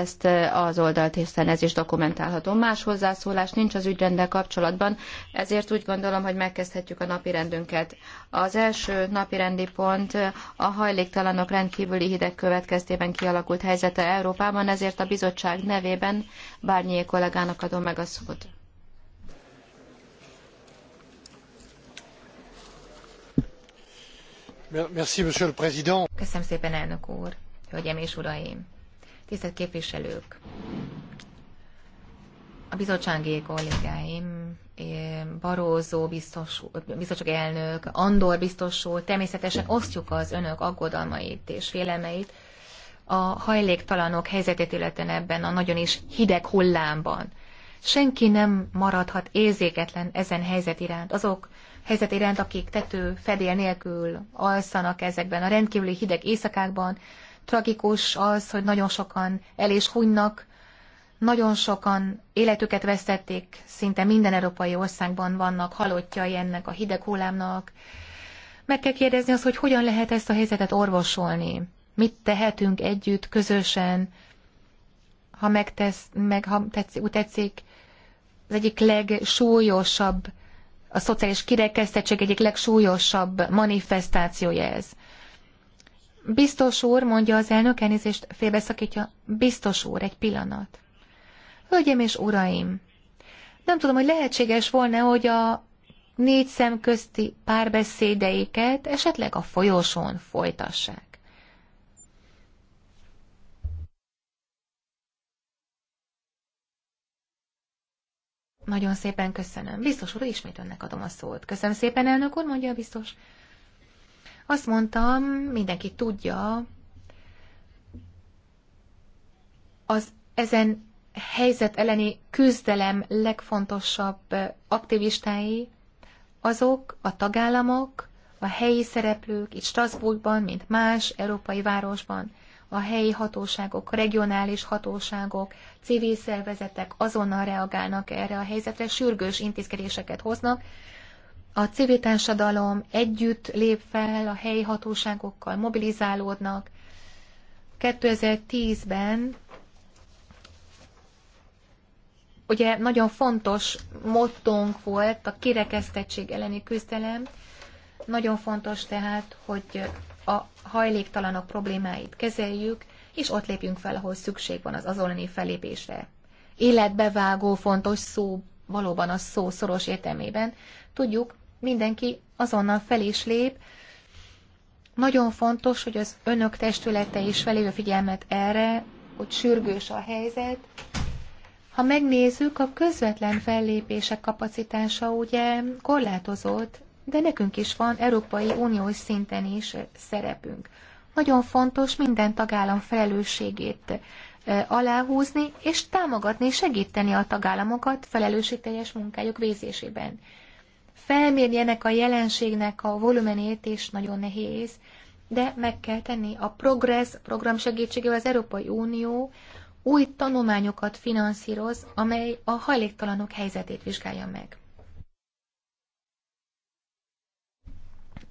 ezt eh, az oldalt, hiszen ez is dokumentálható. Más hozzászólás nincs az ügyrendel kapcsolatban, ezért úgy gondolom, hogy megkezdhetjük a napi rendünket. Az első napi rendi pont eh, a hajléktalanok rendkívüli hideg következtében kialakult helyzete Európában, ezért a bizottság nevében bárnyi kollégának adom meg a szót. Köszönöm szépen, elnök úr, hölgyem és uraim! Tisztelt képviselők! A bizottsági kollégáim, eh, Barózó biztos, biztosok elnök, Andor biztos úr, természetesen osztjuk az önök aggodalmait és félelmeit a hajléktalanok helyzetét illetően ebben a nagyon is hideg hullámban. Senki nem maradhat érzéketlen ezen helyzet iránt. Azok helyzet iránt, akik tető, fedél nélkül alszanak ezekben a rendkívüli hideg éjszakákban, tragikus az, hogy nagyon sokan el is hunynak, nagyon sokan életüket vesztették, szinte minden európai országban vannak halottjai ennek a hideg hullámnak. Meg kell kérdezni azt, hogy hogyan lehet ezt a helyzetet orvosolni. Mit tehetünk együtt, közösen, ha megtesz, meg ha tetszik, úgy tetszik, az egyik legsúlyosabb, a szociális kirekesztettség egyik legsúlyosabb manifestációja ez. Biztos úr, mondja az elnök, elnézést félbeszakítja, biztos úr, egy pillanat. Hölgyem és uraim, nem tudom, hogy lehetséges volna, hogy a négy szem közti párbeszédeiket esetleg a folyosón folytassák. Nagyon szépen köszönöm. Biztos úr, ismét önnek adom a szót. Köszönöm szépen, elnök úr, mondja a biztos. Azt mondtam, mindenki tudja, az ezen helyzet elleni küzdelem legfontosabb aktivistái azok a tagállamok, a helyi szereplők itt Strasbourgban, mint más európai városban, a helyi hatóságok, regionális hatóságok, civil szervezetek azonnal reagálnak erre a helyzetre, sürgős intézkedéseket hoznak, a civil társadalom együtt lép fel, a helyi hatóságokkal mobilizálódnak. 2010-ben ugye nagyon fontos mottónk volt a kirekesztettség elleni küzdelem, nagyon fontos tehát, hogy a hajléktalanok problémáit kezeljük, és ott lépjünk fel, ahol szükség van az azonani felépésre. Életbevágó fontos szó valóban a szó szoros értelmében. Tudjuk, mindenki azonnal fel is lép. Nagyon fontos, hogy az önök testülete is a figyelmet erre, hogy sürgős a helyzet. Ha megnézzük, a közvetlen fellépések kapacitása ugye korlátozott, de nekünk is van Európai Uniós szinten is szerepünk. Nagyon fontos minden tagállam felelősségét aláhúzni, és támogatni, segíteni a tagállamokat felelősségteljes munkájuk vézésében felmérni ennek a jelenségnek a volumenét, és nagyon nehéz, de meg kell tenni. A Progress program segítségével az Európai Unió új tanulmányokat finanszíroz, amely a hajléktalanok helyzetét vizsgálja meg.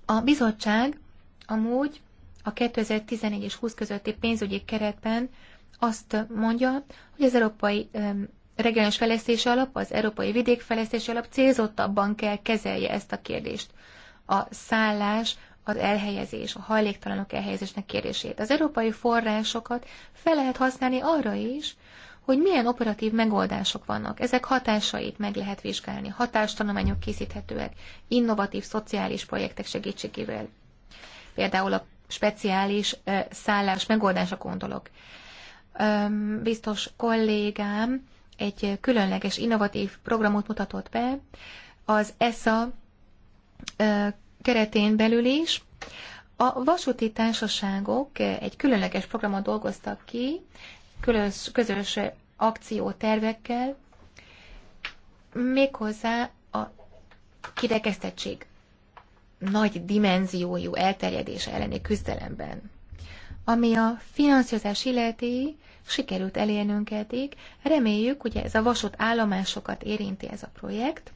A bizottság amúgy a 2014 és 20 közötti pénzügyi keretben azt mondja, hogy az Európai regionális fejlesztési alap, az Európai Vidékfejlesztési Alap célzottabban kell kezelje ezt a kérdést. A szállás, az elhelyezés, a hajléktalanok elhelyezésnek kérdését. Az európai forrásokat fel lehet használni arra is, hogy milyen operatív megoldások vannak. Ezek hatásait meg lehet vizsgálni, hatástanulmányok készíthetőek, innovatív szociális projektek segítségével. Például a speciális szállás megoldásokon gondolok. Biztos kollégám egy különleges, innovatív programot mutatott be az ESA keretén belül is. A vasúti társaságok egy különleges programot dolgoztak ki, közös, közös akciótervekkel, méghozzá a kirekesztettség nagy dimenziójú elterjedése elleni küzdelemben. Ami a finanszírozás illeti, sikerült elérnünk eddig. Reméljük, hogy ez a vasút állomásokat érinti ez a projekt.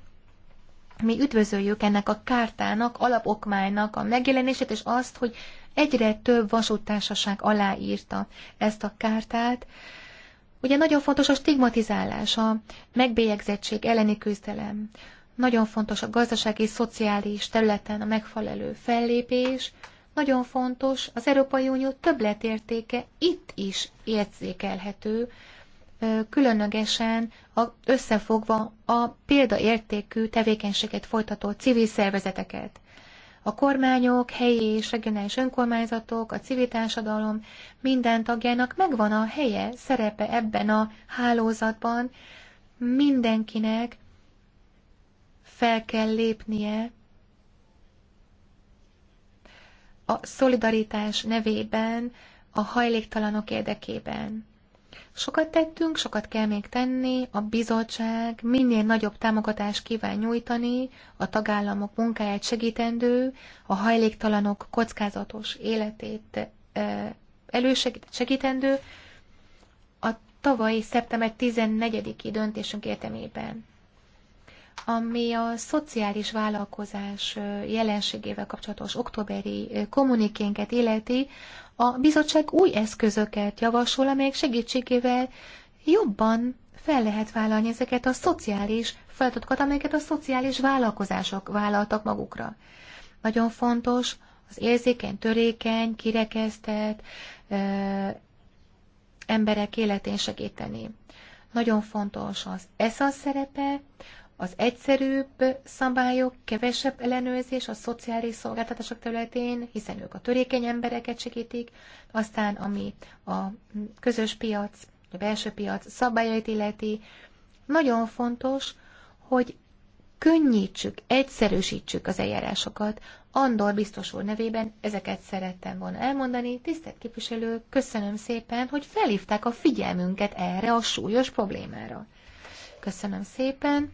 Mi üdvözöljük ennek a kártának, alapokmánynak a megjelenését, és azt, hogy egyre több vasúttársaság aláírta ezt a kártát. Ugye nagyon fontos a stigmatizálás, a megbélyegzettség elleni küzdelem. Nagyon fontos a gazdasági, szociális területen a megfelelő fellépés, nagyon fontos, az Európai Unió többletértéke itt is érzékelhető, különlegesen a, összefogva a példaértékű tevékenységet folytató civil szervezeteket. A kormányok, helyi és regionális önkormányzatok, a civil társadalom minden tagjának megvan a helye, szerepe ebben a hálózatban, mindenkinek fel kell lépnie a szolidaritás nevében, a hajléktalanok érdekében. Sokat tettünk, sokat kell még tenni, a bizottság minél nagyobb támogatást kíván nyújtani, a tagállamok munkáját segítendő, a hajléktalanok kockázatos életét elősegítendő, a tavalyi szeptember 14-i döntésünk értelmében ami a szociális vállalkozás jelenségével kapcsolatos októberi kommunikénket illeti, a bizottság új eszközöket javasol, amelyek segítségével jobban fel lehet vállalni ezeket a szociális feladatokat, amelyeket a szociális vállalkozások vállaltak magukra. Nagyon fontos az érzékeny, törékeny, kirekesztett ö, emberek életén segíteni. Nagyon fontos az ESZA szerepe, az egyszerűbb szabályok, kevesebb ellenőrzés a szociális szolgáltatások területén, hiszen ők a törékeny embereket segítik, aztán ami a közös piac, a belső piac szabályait illeti, nagyon fontos, hogy könnyítsük, egyszerűsítsük az eljárásokat. Andor biztos úr nevében ezeket szerettem volna elmondani. Tisztelt képviselő, köszönöm szépen, hogy felhívták a figyelmünket erre a súlyos problémára. Köszönöm szépen.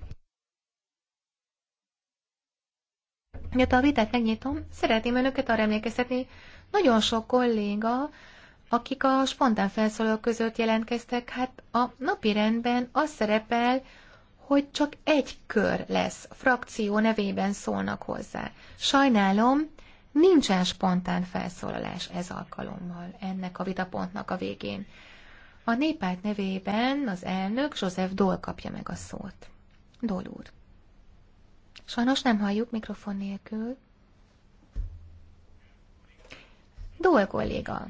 Miatt a vitát megnyitom, szeretném önöket arra emlékeztetni, nagyon sok kolléga, akik a spontán felszólalók között jelentkeztek, hát a napi rendben az szerepel, hogy csak egy kör lesz, frakció nevében szólnak hozzá. Sajnálom, nincsen spontán felszólalás ez alkalommal ennek a vitapontnak a végén. A népát nevében az elnök József Dól kapja meg a szót. Dól úr. Sajnos nem halljuk mikrofon nélkül. Dól kolléga,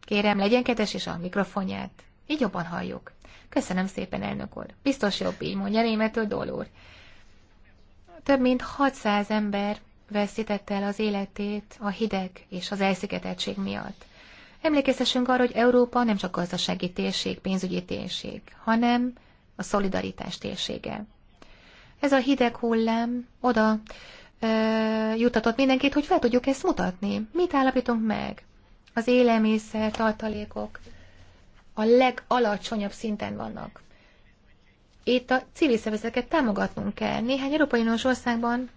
kérem, legyen kedves és a mikrofonját. Így jobban halljuk. Köszönöm szépen, elnök úr. Biztos jobb így mondja németül Dól úr. Több mint 600 ember veszítette el az életét a hideg és az elszigeteltség miatt. Emlékeztessünk arra, hogy Európa nem csak gazdasági térség, pénzügyi térség, hanem a szolidaritás térsége. Ez a hideg hullám oda ö, jutatott mindenkit, hogy fel tudjuk ezt mutatni. Mit állapítunk meg? Az élelmiszer, tartalékok a legalacsonyabb szinten vannak. Itt a civil szervezeteket támogatnunk kell. Néhány Európai Uniós országban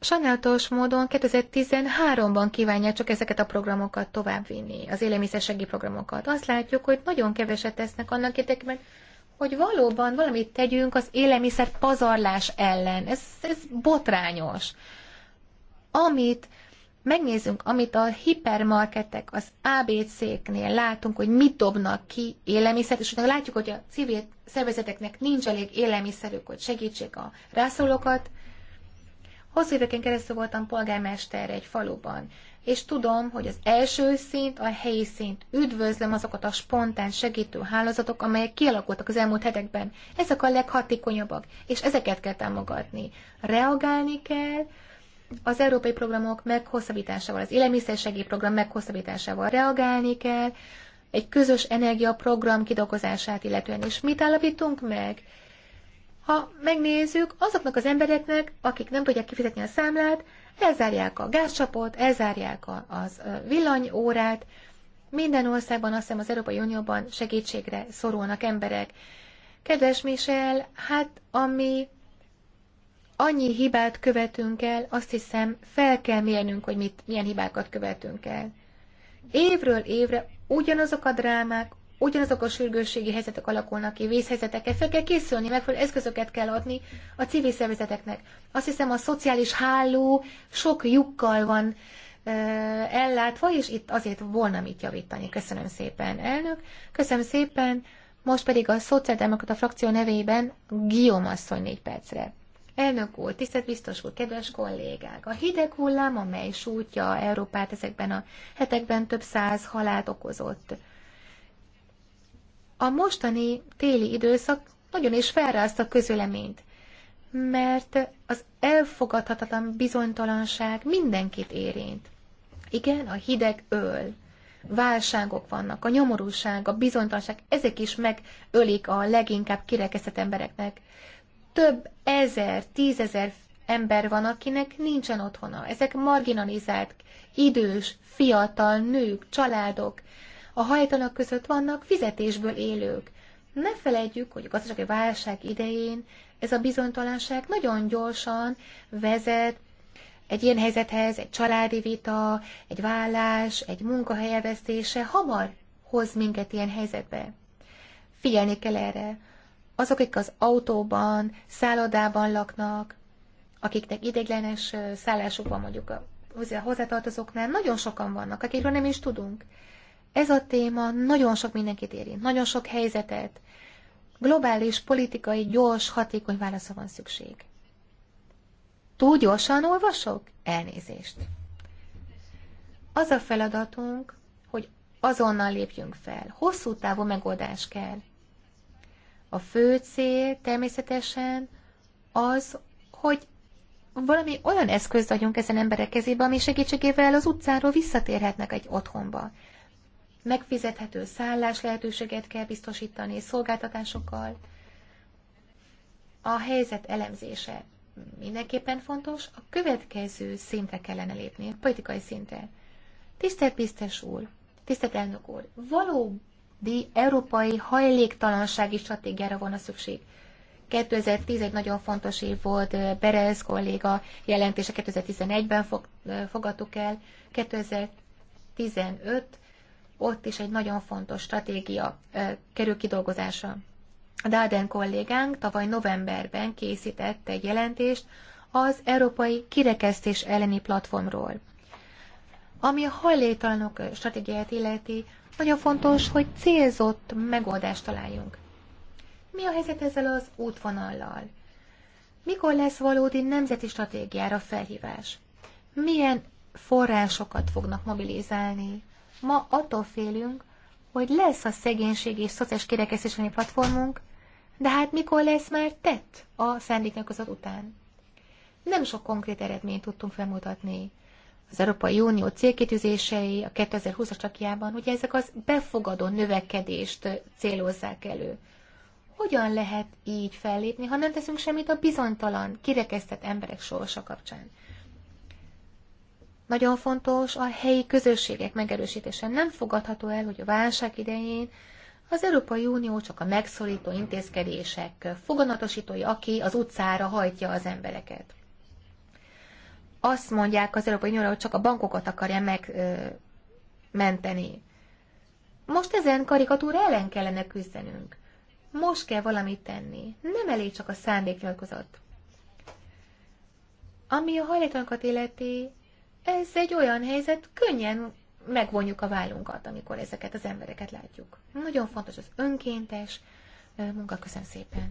Sajnálatos módon 2013-ban kívánják csak ezeket a programokat továbbvinni, az élelmiszer programokat. Azt látjuk, hogy nagyon keveset tesznek annak érdekében, hogy valóban valamit tegyünk az élelmiszer pazarlás ellen. Ez, ez botrányos. Amit megnézzünk, amit a hipermarketek, az ABC-knél látunk, hogy mit dobnak ki élelmiszert, és utána látjuk, hogy a civil szervezeteknek nincs elég élelmiszerük, hogy segítsék a rászólókat. Hosszú éveken keresztül voltam polgármester egy faluban és tudom, hogy az első szint, a helyi szint. Üdvözlöm azokat a spontán segítő hálózatok, amelyek kialakultak az elmúlt hetekben. Ezek a leghatékonyabbak, és ezeket kell támogatni. Reagálni kell az európai programok meghosszabbításával, az élelmiszersegély program meghosszabbításával reagálni kell, egy közös energiaprogram kidolgozását illetően. És mit állapítunk meg? Ha megnézzük, azoknak az embereknek, akik nem tudják kifizetni a számlát, elzárják a gázcsapot, elzárják a, az villanyórát. Minden országban, azt hiszem az Európai Unióban segítségre szorulnak emberek. Kedves Michel, hát ami annyi hibát követünk el, azt hiszem fel kell mérnünk, hogy mit, milyen hibákat követünk el. Évről évre ugyanazok a drámák, ugyanazok a sürgősségi helyzetek alakulnak ki, vészhelyzetekkel fel kell készülni, megfelelő eszközöket kell adni a civil szervezeteknek. Azt hiszem a szociális háló sok lyukkal van ö, ellátva, és itt azért volna mit javítani. Köszönöm szépen, elnök. Köszönöm szépen. Most pedig a Szociáldemokrata frakció nevében Guillaume asszony négy percre. Elnök úr, tisztelt biztos úr, kedves kollégák! A hideg hullám, amely sújtja Európát ezekben a hetekben több száz halált okozott a mostani téli időszak nagyon is felrázta a közüleményt, mert az elfogadhatatlan bizonytalanság mindenkit érint. Igen, a hideg öl. Válságok vannak, a nyomorúság, a bizonytalanság, ezek is megölik a leginkább kirekesztett embereknek. Több ezer, tízezer ember van, akinek nincsen otthona. Ezek marginalizált, idős, fiatal nők, családok, a hajtalanok között vannak fizetésből élők. Ne felejtjük, hogy a gazdasági válság idején ez a bizonytalanság nagyon gyorsan vezet egy ilyen helyzethez, egy családi vita, egy vállás, egy munkahelyevesztése hamar hoz minket ilyen helyzetbe. Figyelni kell erre. Azok, akik az autóban, szállodában laknak, akiknek ideiglenes szállásuk van mondjuk a hozzátartozóknál, nagyon sokan vannak, akikről nem is tudunk. Ez a téma nagyon sok mindenkit érint, nagyon sok helyzetet. Globális, politikai, gyors, hatékony válasza van szükség. Túl gyorsan olvasok? Elnézést. Az a feladatunk, hogy azonnal lépjünk fel. Hosszú távú megoldás kell. A fő cél természetesen az, hogy valami olyan eszközt adjunk ezen emberek kezébe, ami segítségével az utcáról visszatérhetnek egy otthonba megfizethető szállás lehetőséget kell biztosítani szolgáltatásokkal. A helyzet elemzése mindenképpen fontos, a következő szintre kellene lépni, a politikai szinten. Tisztelt biztos úr, tisztelt elnök úr, valódi európai hajléktalansági stratégiára van a szükség. 2010 egy nagyon fontos év volt, Berez kolléga jelentése 2011-ben fog, fogadtuk el, 2015 ott is egy nagyon fontos stratégia kerül kidolgozása. A Dáden kollégánk tavaly novemberben készítette egy jelentést az Európai Kirekesztés elleni platformról. Ami a hajléktalanok stratégiáját illeti, nagyon fontos, hogy célzott megoldást találjunk. Mi a helyzet ezzel az útvonallal? Mikor lesz valódi nemzeti stratégiára felhívás? Milyen forrásokat fognak mobilizálni? Ma attól félünk, hogy lesz a szegénység és szociális kirekesztéseni platformunk, de hát mikor lesz már tett a szándéknyakozat után? Nem sok konkrét eredményt tudtunk felmutatni. Az Európai Unió célkitűzései a 2020-as csakjában, hogy ezek az befogadó növekedést célozzák elő. Hogyan lehet így fellépni, ha nem teszünk semmit a bizonytalan, kirekesztett emberek sorsa kapcsán? Nagyon fontos a helyi közösségek megerősítése. Nem fogadható el, hogy a válság idején az Európai Unió csak a megszorító intézkedések foganatosítói, aki az utcára hajtja az embereket. Azt mondják az Európai Unióra, hogy csak a bankokat akarja megmenteni. Most ezen karikatúra ellen kellene küzdenünk. Most kell valamit tenni. Nem elég csak a szándéknyilatkozat. Ami a hajléktalanokat illeti, ez egy olyan helyzet, könnyen megvonjuk a vállunkat, amikor ezeket az embereket látjuk. Nagyon fontos az önkéntes munka. Köszönöm szépen.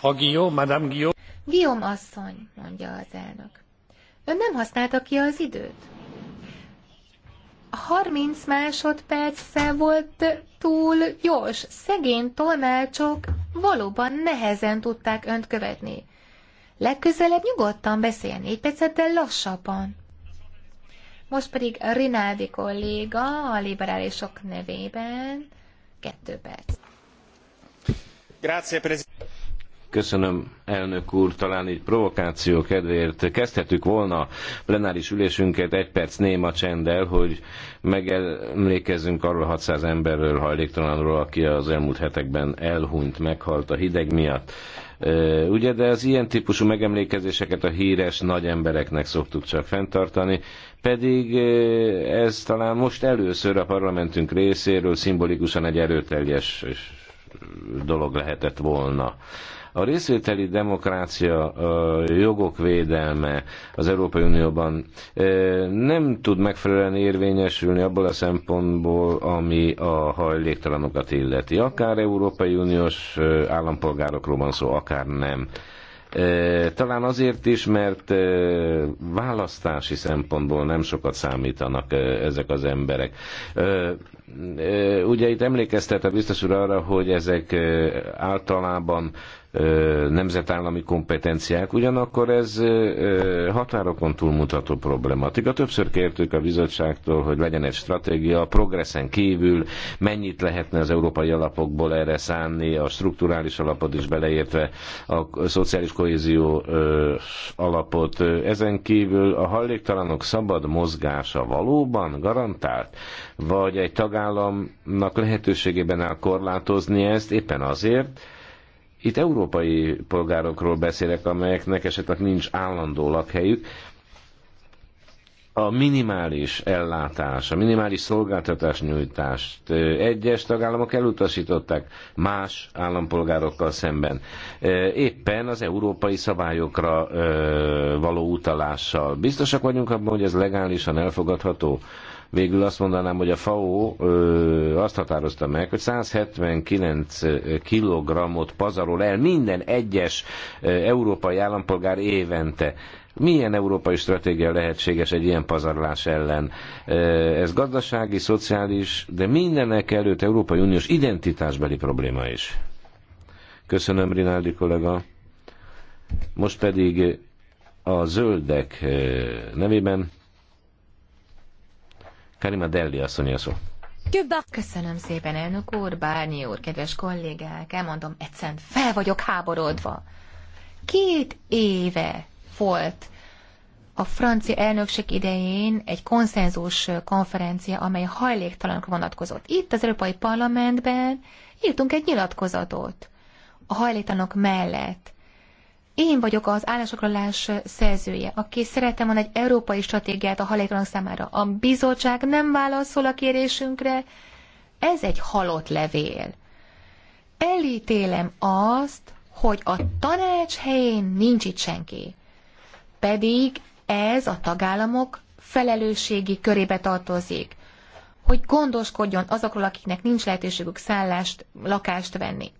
A Guillaume, Madame Guillaume. Guillaume asszony, mondja az elnök. Ön nem használta ki az időt? A 30 másodperce volt túl gyors. Szegény tolmácsok valóban nehezen tudták önt követni. Legközelebb nyugodtan beszéljen négy percet, de lassabban. Most pedig Rinaldi kolléga a liberálisok nevében kettő perc. Köszönöm, elnök úr, talán így provokáció kedvéért kezdhetük volna plenáris ülésünket egy perc néma csenddel, hogy megemlékezzünk arról 600 emberről hajléktalanról, aki az elmúlt hetekben elhunyt, meghalt a hideg miatt. Ugye, de az ilyen típusú megemlékezéseket a híres nagy embereknek szoktuk csak fenntartani, pedig ez talán most először a parlamentünk részéről szimbolikusan egy erőteljes dolog lehetett volna. A részvételi demokrácia, a jogok védelme az Európai Unióban e, nem tud megfelelően érvényesülni abból a szempontból, ami a hajléktalanokat illeti. Akár Európai Uniós e, állampolgárokról van szó, akár nem. E, talán azért is, mert választási szempontból nem sokat számítanak ezek az emberek. Ugye itt emlékeztet a biztos úr arra, hogy ezek általában nemzetállami kompetenciák, ugyanakkor ez határokon túlmutató problematika. Többször kértük a bizottságtól, hogy legyen egy stratégia, a progresszen kívül mennyit lehetne az európai alapokból erre szánni, a strukturális alapot is beleértve, a szociális kohézió alapot. Ezen kívül a hajléktalanok szabad mozgása valóban garantált, vagy egy tagállamnak lehetőségében áll korlátozni ezt éppen azért, itt európai polgárokról beszélek, amelyeknek esetleg nincs állandó lakhelyük. A minimális ellátás, a minimális szolgáltatás nyújtást egyes tagállamok elutasították más állampolgárokkal szemben. Éppen az európai szabályokra való utalással. Biztosak vagyunk abban, hogy ez legálisan elfogadható? Végül azt mondanám, hogy a FAO ö, azt határozta meg, hogy 179 kilogramot pazarol el minden egyes ö, európai állampolgár évente. Milyen európai stratégia lehetséges egy ilyen pazarlás ellen? Ez gazdasági, szociális, de mindenek előtt Európai Uniós identitásbeli probléma is. Köszönöm, Rinaldi kollega. Most pedig a zöldek nevében Karima Delli asszony a szó. Köszönöm szépen, elnök úr, Bárnyi úr, kedves kollégák, elmondom, egyszerűen fel vagyok háborodva. Két éve volt a francia elnökség idején egy konszenzus konferencia, amely hajléktalanokra vonatkozott. Itt az Európai Parlamentben írtunk egy nyilatkozatot a hajléktalanok mellett. Én vagyok az állásfoglalás szerzője, aki szeretem volna egy európai stratégiát a haléktalanok számára. A bizottság nem válaszol a kérésünkre, ez egy halott levél. Elítélem azt, hogy a tanács helyén nincs itt senki. Pedig ez a tagállamok felelősségi körébe tartozik, hogy gondoskodjon azokról, akiknek nincs lehetőségük szállást, lakást venni.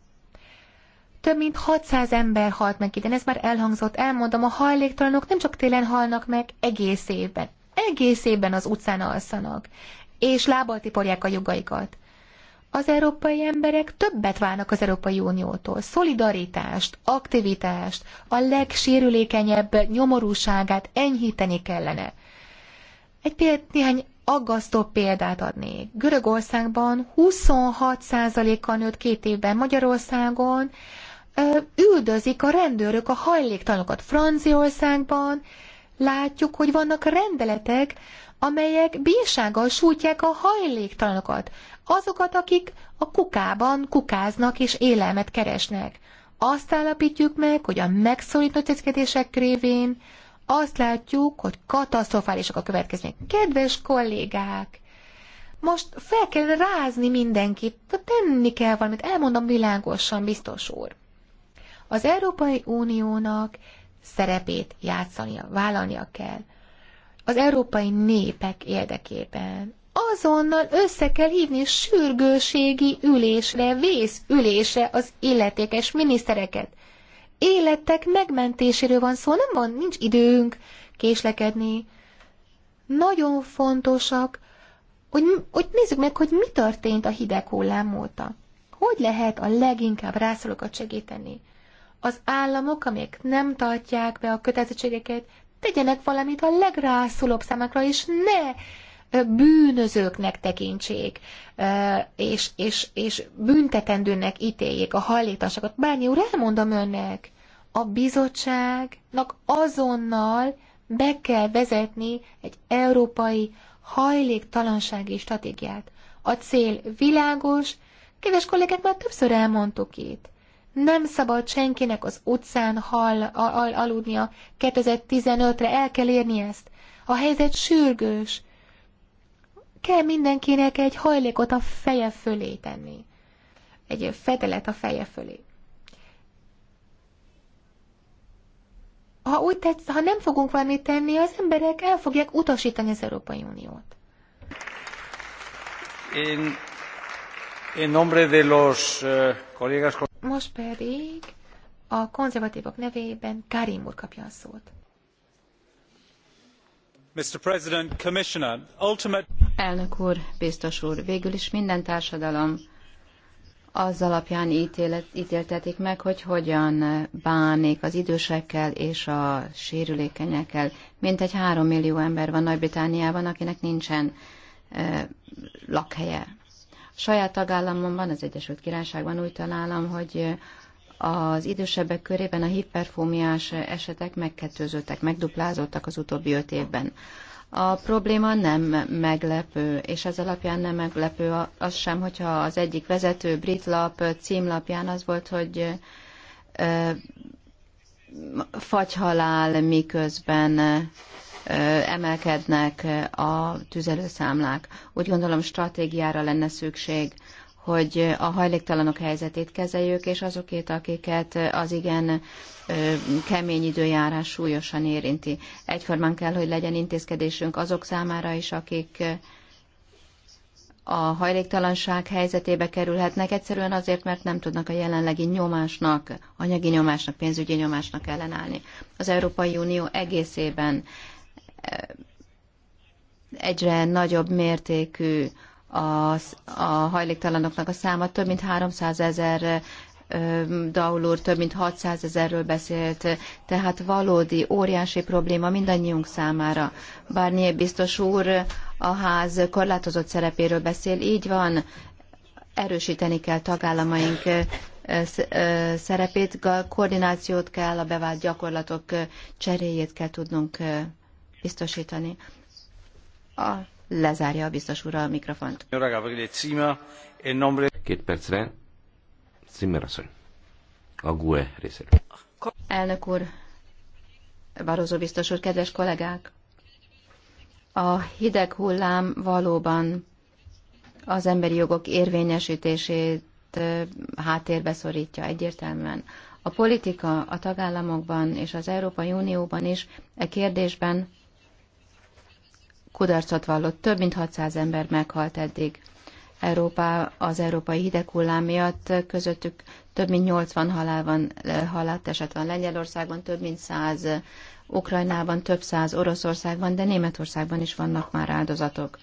Több mint 600 ember halt meg itt, ez már elhangzott, elmondom, a hajléktalanok nem csak télen halnak meg, egész évben. Egész évben az utcán alszanak, és lábbal tiporják a jogaikat. Az európai emberek többet várnak az Európai Uniótól. Szolidaritást, aktivitást, a legsérülékenyebb nyomorúságát enyhíteni kellene. Egy példát, néhány aggasztó példát adnék. Görögországban 26%-kal nőtt két évben, Magyarországon üldözik a rendőrök a hajléktalanokat. Franciaországban látjuk, hogy vannak rendeletek, amelyek bírsággal sújtják a hajléktalanokat, azokat, akik a kukában kukáznak és élelmet keresnek. Azt állapítjuk meg, hogy a megszólító intézkedések révén azt látjuk, hogy katasztrofálisak a következmények. Kedves kollégák! Most fel kell rázni mindenkit, tenni kell valamit, elmondom világosan, biztos úr. Az Európai Uniónak szerepét játszania, vállalnia kell. Az európai népek érdekében azonnal össze kell hívni sürgőségi ülésre, vészülésre az illetékes minisztereket. Életek megmentéséről van szó, nem van, nincs időnk késlekedni. Nagyon fontosak, hogy, hogy nézzük meg, hogy mi történt a hideg hullám óta. Hogy lehet a leginkább rászorulókat segíteni? az államok, amelyek nem tartják be a kötelezettségeket, tegyenek valamit a legrászulóbb számokra, és ne bűnözőknek tekintsék, és, és, és büntetendőnek ítéljék a hajléktalanságot. Bányi úr, elmondom önnek, a bizottságnak azonnal be kell vezetni egy európai hajléktalansági stratégiát. A cél világos, kedves kollégák, már többször elmondtuk itt. Nem szabad senkinek az utcán hal, al, al, aludnia. 2015-re el kell érni ezt. A helyzet sürgős. Kell mindenkinek egy hajlékot a feje fölé tenni. Egy fedelet a feje fölé. ha úgy tetsz, ha nem fogunk valamit tenni, az emberek el fogják utasítani az Európai Uniót. Én, en nombre de los uh, colegas... Most pedig a konzervatívok nevében Karim úr kapja a szót. Mr. President, Commissioner, ultimate... Elnök úr, biztos úr, végül is minden társadalom az alapján ítélet, ítéltetik meg, hogy hogyan bánik az idősekkel és a sérülékenyekkel. Mint egy három millió ember van Nagy-Britániában, akinek nincsen e, lakhelye saját tagállamomban, az Egyesült Királyságban úgy találom, hogy az idősebbek körében a hiperfómiás esetek megkettőzöttek, megduplázottak az utóbbi öt évben. A probléma nem meglepő, és ez alapján nem meglepő az sem, hogyha az egyik vezető brit lap címlapján az volt, hogy fagyhalál miközben emelkednek a tüzelőszámlák. Úgy gondolom stratégiára lenne szükség, hogy a hajléktalanok helyzetét kezeljük, és azokét, akiket az igen kemény időjárás súlyosan érinti. Egyformán kell, hogy legyen intézkedésünk azok számára is, akik a hajléktalanság helyzetébe kerülhetnek, egyszerűen azért, mert nem tudnak a jelenlegi nyomásnak, anyagi nyomásnak, pénzügyi nyomásnak ellenállni. Az Európai Unió egészében egyre nagyobb mértékű az, a hajléktalanoknak a száma, több mint 300 ezer úr több mint 600 ezerről beszélt, tehát valódi, óriási probléma mindannyiunk számára. Bár biztos úr a ház korlátozott szerepéről beszél, így van, erősíteni kell tagállamaink szerepét, koordinációt kell, a bevált gyakorlatok cseréjét kell tudnunk biztosítani. A, lezárja a biztos úr a mikrofont. Két percre Zimmer asszony. A GUE részéről. Elnök úr, Barozó biztos úr, kedves kollégák! A hideg hullám valóban az emberi jogok érvényesítését háttérbe szorítja egyértelműen. A politika a tagállamokban és az Európai Unióban is e kérdésben kudarcot vallott. Több mint 600 ember meghalt eddig. Európa, az európai hideghullám miatt közöttük több mint 80 halál van, eh, halált eset van Lengyelországban, több mint 100 eh, Ukrajnában, több száz Oroszországban, de Németországban is vannak már áldozatok.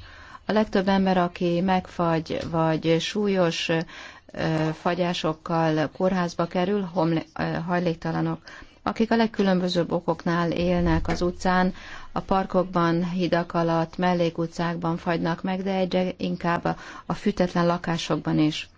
A legtöbb ember, aki megfagy, vagy súlyos eh, fagyásokkal kórházba kerül, homle, hajléktalanok, akik a legkülönbözőbb okoknál élnek az utcán, a parkokban, hidak alatt, mellékutcákban fagynak meg, de egyre inkább a, a fűtetlen lakásokban is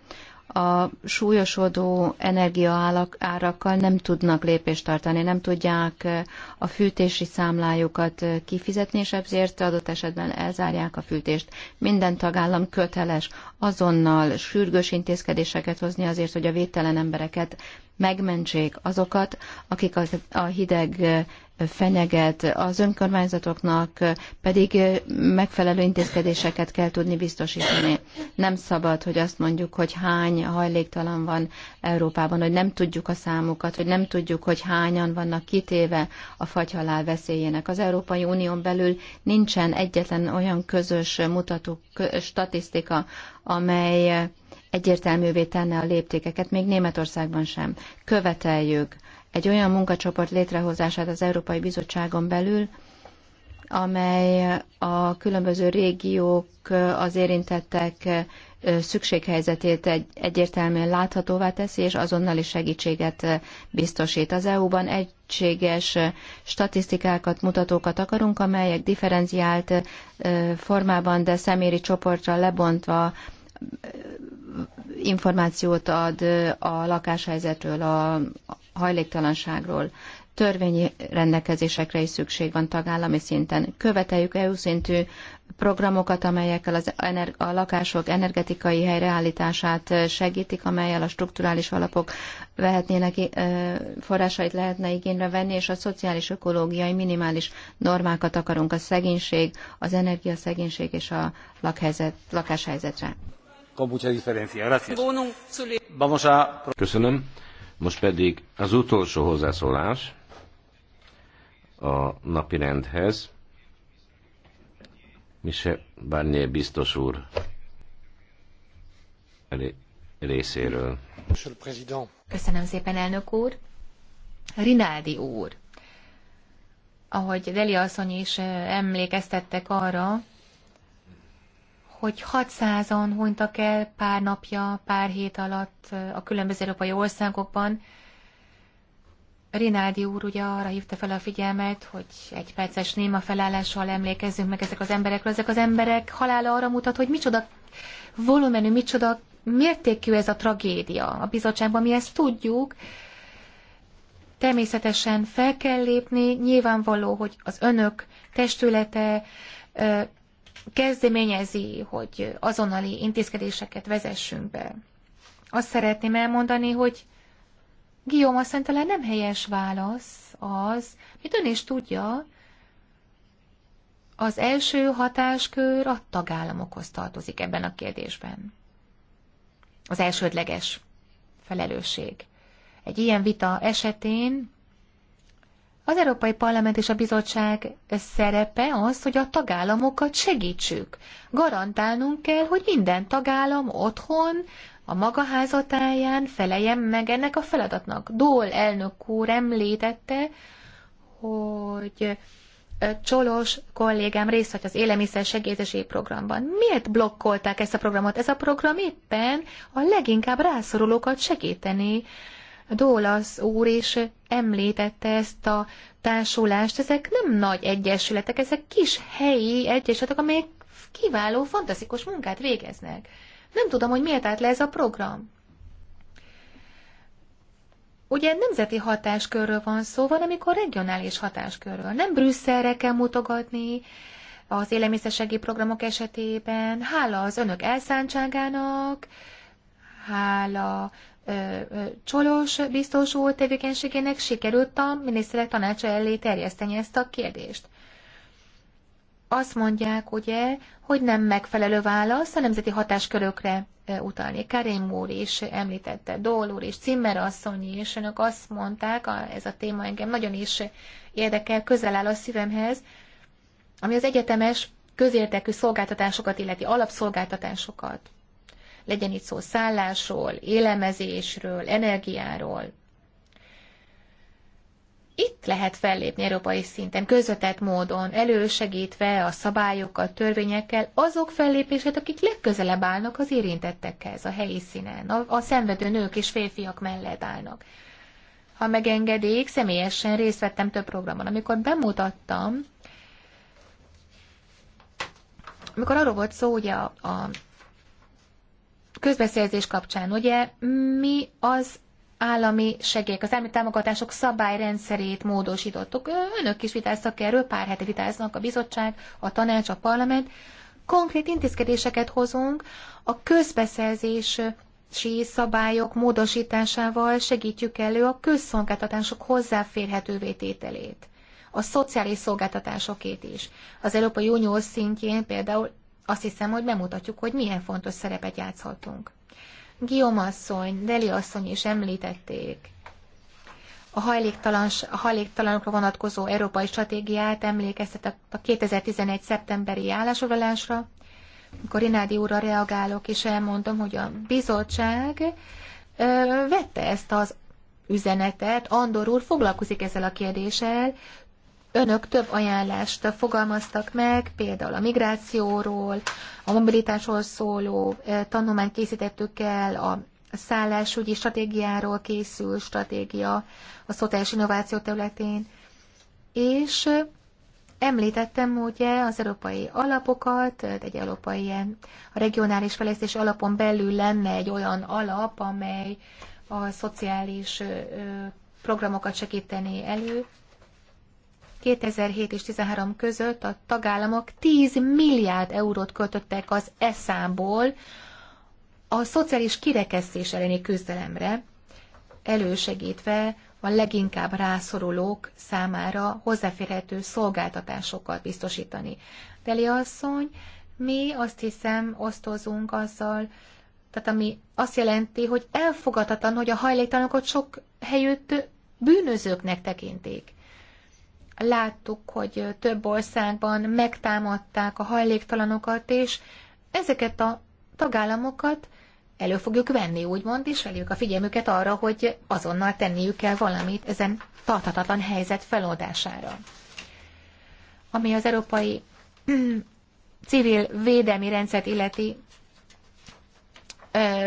a súlyosodó energiaárakkal nem tudnak lépést tartani, nem tudják a fűtési számlájukat kifizetni, és ezért adott esetben elzárják a fűtést. Minden tagállam köteles azonnal sürgős intézkedéseket hozni azért, hogy a védtelen embereket megmentsék azokat, akik a hideg fenyeget, az önkormányzatoknak pedig megfelelő intézkedéseket kell tudni biztosítani. Nem szabad, hogy azt mondjuk, hogy hány hajléktalan van Európában, hogy nem tudjuk a számukat, hogy nem tudjuk, hogy hányan vannak kitéve a fagyhalál veszélyének. Az Európai Unión belül nincsen egyetlen olyan közös mutató statisztika, amely egyértelművé tenne a léptékeket, még Németországban sem. Követeljük egy olyan munkacsoport létrehozását az Európai Bizottságon belül, amely a különböző régiók, az érintettek szükséghelyzetét egy, egyértelműen láthatóvá teszi, és azonnali segítséget biztosít. Az EU-ban egységes statisztikákat, mutatókat akarunk, amelyek differenciált formában, de szeméri csoportra lebontva információt ad a lakáshelyzetről, a, hajléktalanságról. Törvényi rendelkezésekre is szükség van tagállami szinten. Követeljük EU szintű programokat, amelyekkel az ener- a lakások energetikai helyreállítását segítik, amelyel a strukturális alapok vehetnének, eh, forrásait lehetne igénybe venni, és a szociális ökológiai minimális normákat akarunk a szegénység, az energiaszegénység és a lakhelyzet, lakáshelyzetre. Köszönöm. Most pedig az utolsó hozzászólás a napi rendhez. Mise Barnier biztos úr részéről. Köszönöm szépen, elnök úr. Rinaldi úr, ahogy Deli asszony is eh, emlékeztettek arra, hogy 600-an hunytak el pár napja, pár hét alatt a különböző európai országokban. Rinaldi úr ugye arra hívta fel a figyelmet, hogy egy perces néma felállással emlékezzünk meg ezek az emberekről. Ezek az emberek halála arra mutat, hogy micsoda volumenű, micsoda mértékű ez a tragédia. A bizottságban mi ezt tudjuk, természetesen fel kell lépni, nyilvánvaló, hogy az önök testülete kezdeményezi, hogy azonnali intézkedéseket vezessünk be. Azt szeretném elmondani, hogy Guillaume azt talán nem helyes válasz az, mit ön is tudja, az első hatáskör a tagállamokhoz tartozik ebben a kérdésben. Az elsődleges felelősség. Egy ilyen vita esetén az Európai Parlament és a Bizottság szerepe az, hogy a tagállamokat segítsük. Garantálnunk kell, hogy minden tagállam otthon, a maga házatáján feleljen meg ennek a feladatnak. Dól elnök úr említette, hogy Csolos kollégám részt vett az élelmiszer programban. Miért blokkolták ezt a programot? Ez a program éppen a leginkább rászorulókat segíteni Dólasz úr is említette ezt a társulást. Ezek nem nagy egyesületek, ezek kis helyi egyesületek, amelyek kiváló, fantasztikus munkát végeznek. Nem tudom, hogy miért állt le ez a program. Ugye nemzeti hatáskörről van szó, van amikor regionális hatáskörről. Nem Brüsszelre kell mutogatni, az élelmiszersegi programok esetében, hála az önök elszántságának, hála Csolós biztos úr tevékenységének sikerült a miniszterek tanácsa elé terjeszteni ezt a kérdést. Azt mondják, ugye, hogy nem megfelelő válasz a nemzeti hatáskörökre utalni. Karim úr is említette, Dól úr és Cimmer asszony is, önök azt mondták, ez a téma engem nagyon is érdekel, közel áll a szívemhez, ami az egyetemes közértekű szolgáltatásokat illeti, alapszolgáltatásokat legyen itt szó szállásról, élemezésről, energiáról. Itt lehet fellépni európai szinten, közvetett módon, elősegítve a szabályokkal, törvényekkel azok fellépését, akik legközelebb állnak az érintettekhez, a helyszínen, a, a szenvedő nők és férfiak mellett állnak. Ha megengedik, személyesen részt vettem több programon. Amikor bemutattam, amikor arról volt szó, hogy a, a közbeszerzés kapcsán, ugye mi az állami segélyek, az állami támogatások szabályrendszerét módosítottuk. Önök is vitáztak erről, pár hete vitáznak a bizottság, a tanács, a parlament. Konkrét intézkedéseket hozunk a közbeszerzési szabályok módosításával segítjük elő a közszolgáltatások hozzáférhetővé tételét a szociális szolgáltatásokét is. Az Európai Unió szintjén például azt hiszem, hogy bemutatjuk, hogy milyen fontos szerepet játszhatunk. Guillaume asszony, Deli asszony is említették. A, hajléktalans, a hajléktalanokra vonatkozó európai stratégiát emlékeztet a 2011. szeptemberi állásfoglalásra. Amikor Rinádi úrra reagálok, és elmondom, hogy a bizottság ö, vette ezt az üzenetet, Andor úr foglalkozik ezzel a kérdéssel, Önök több ajánlást fogalmaztak meg, például a migrációról, a mobilitásról szóló tanulmányt készítettük el, a szállásügyi stratégiáról készül stratégia a szociális innováció területén, és Említettem ugye az európai alapokat, egy európai ilyen a regionális fejlesztési alapon belül lenne egy olyan alap, amely a szociális programokat segíteni elő. 2007 és 2013 között a tagállamok 10 milliárd eurót költöttek az eszámból a szociális kirekesztés elleni küzdelemre, elősegítve a leginkább rászorulók számára hozzáférhető szolgáltatásokat biztosítani. Deli asszony, mi azt hiszem osztozunk azzal, tehát ami azt jelenti, hogy elfogadhatatlan, hogy a hajléktalanokat sok helyütt bűnözőknek tekintik. Láttuk, hogy több országban megtámadták a hajléktalanokat, és ezeket a tagállamokat elő fogjuk venni, úgymond, és felhívjuk a figyelmüket arra, hogy azonnal tenniük kell valamit ezen tarthatatlan helyzet feloldására. Ami az európai mm, civil védelmi rendszert illeti,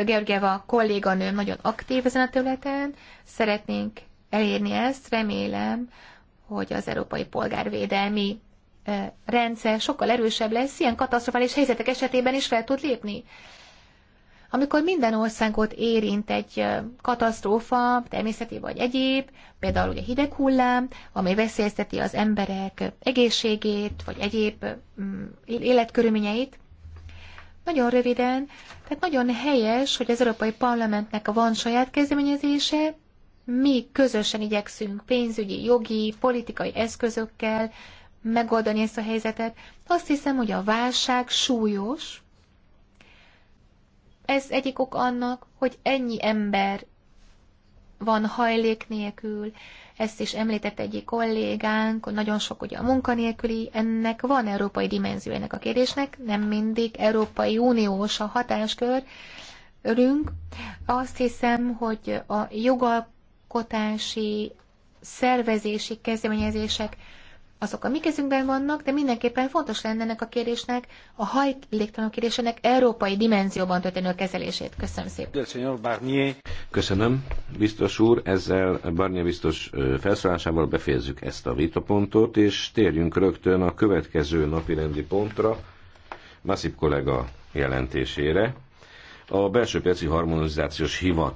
Georgieva kolléganőm nagyon aktív ezen a területen, szeretnénk elérni ezt, remélem, hogy az európai polgárvédelmi rendszer sokkal erősebb lesz, ilyen katasztrofális helyzetek esetében is fel tud lépni. Amikor minden országot érint egy katasztrófa, természeti vagy egyéb, például ugye hideg hullám, ami veszélyezteti az emberek egészségét, vagy egyéb mm, életkörülményeit, nagyon röviden, tehát nagyon helyes, hogy az Európai Parlamentnek van saját kezdeményezése, mi közösen igyekszünk pénzügyi, jogi, politikai eszközökkel megoldani ezt a helyzetet. Azt hiszem, hogy a válság súlyos. Ez egyik ok annak, hogy ennyi ember van hajlék nélkül, ezt is említett egyik kollégánk, hogy nagyon sok ugye a munkanélküli, ennek van európai dimenzió ennek a kérdésnek, nem mindig Európai Uniós a hatáskör, örünk. Azt hiszem, hogy a jogal jogalkotási, szervezési kezdeményezések, azok a mi kezünkben vannak, de mindenképpen fontos lenne ennek a kérésnek, a hajléktalanok kérésének európai dimenzióban történő kezelését. Köszönöm szépen. Köszönöm, biztos úr. Ezzel Barnier biztos felszólásával befejezzük ezt a vitapontot, és térjünk rögtön a következő napi rendi pontra, Masip kollega jelentésére. A belső piaci harmonizációs hivat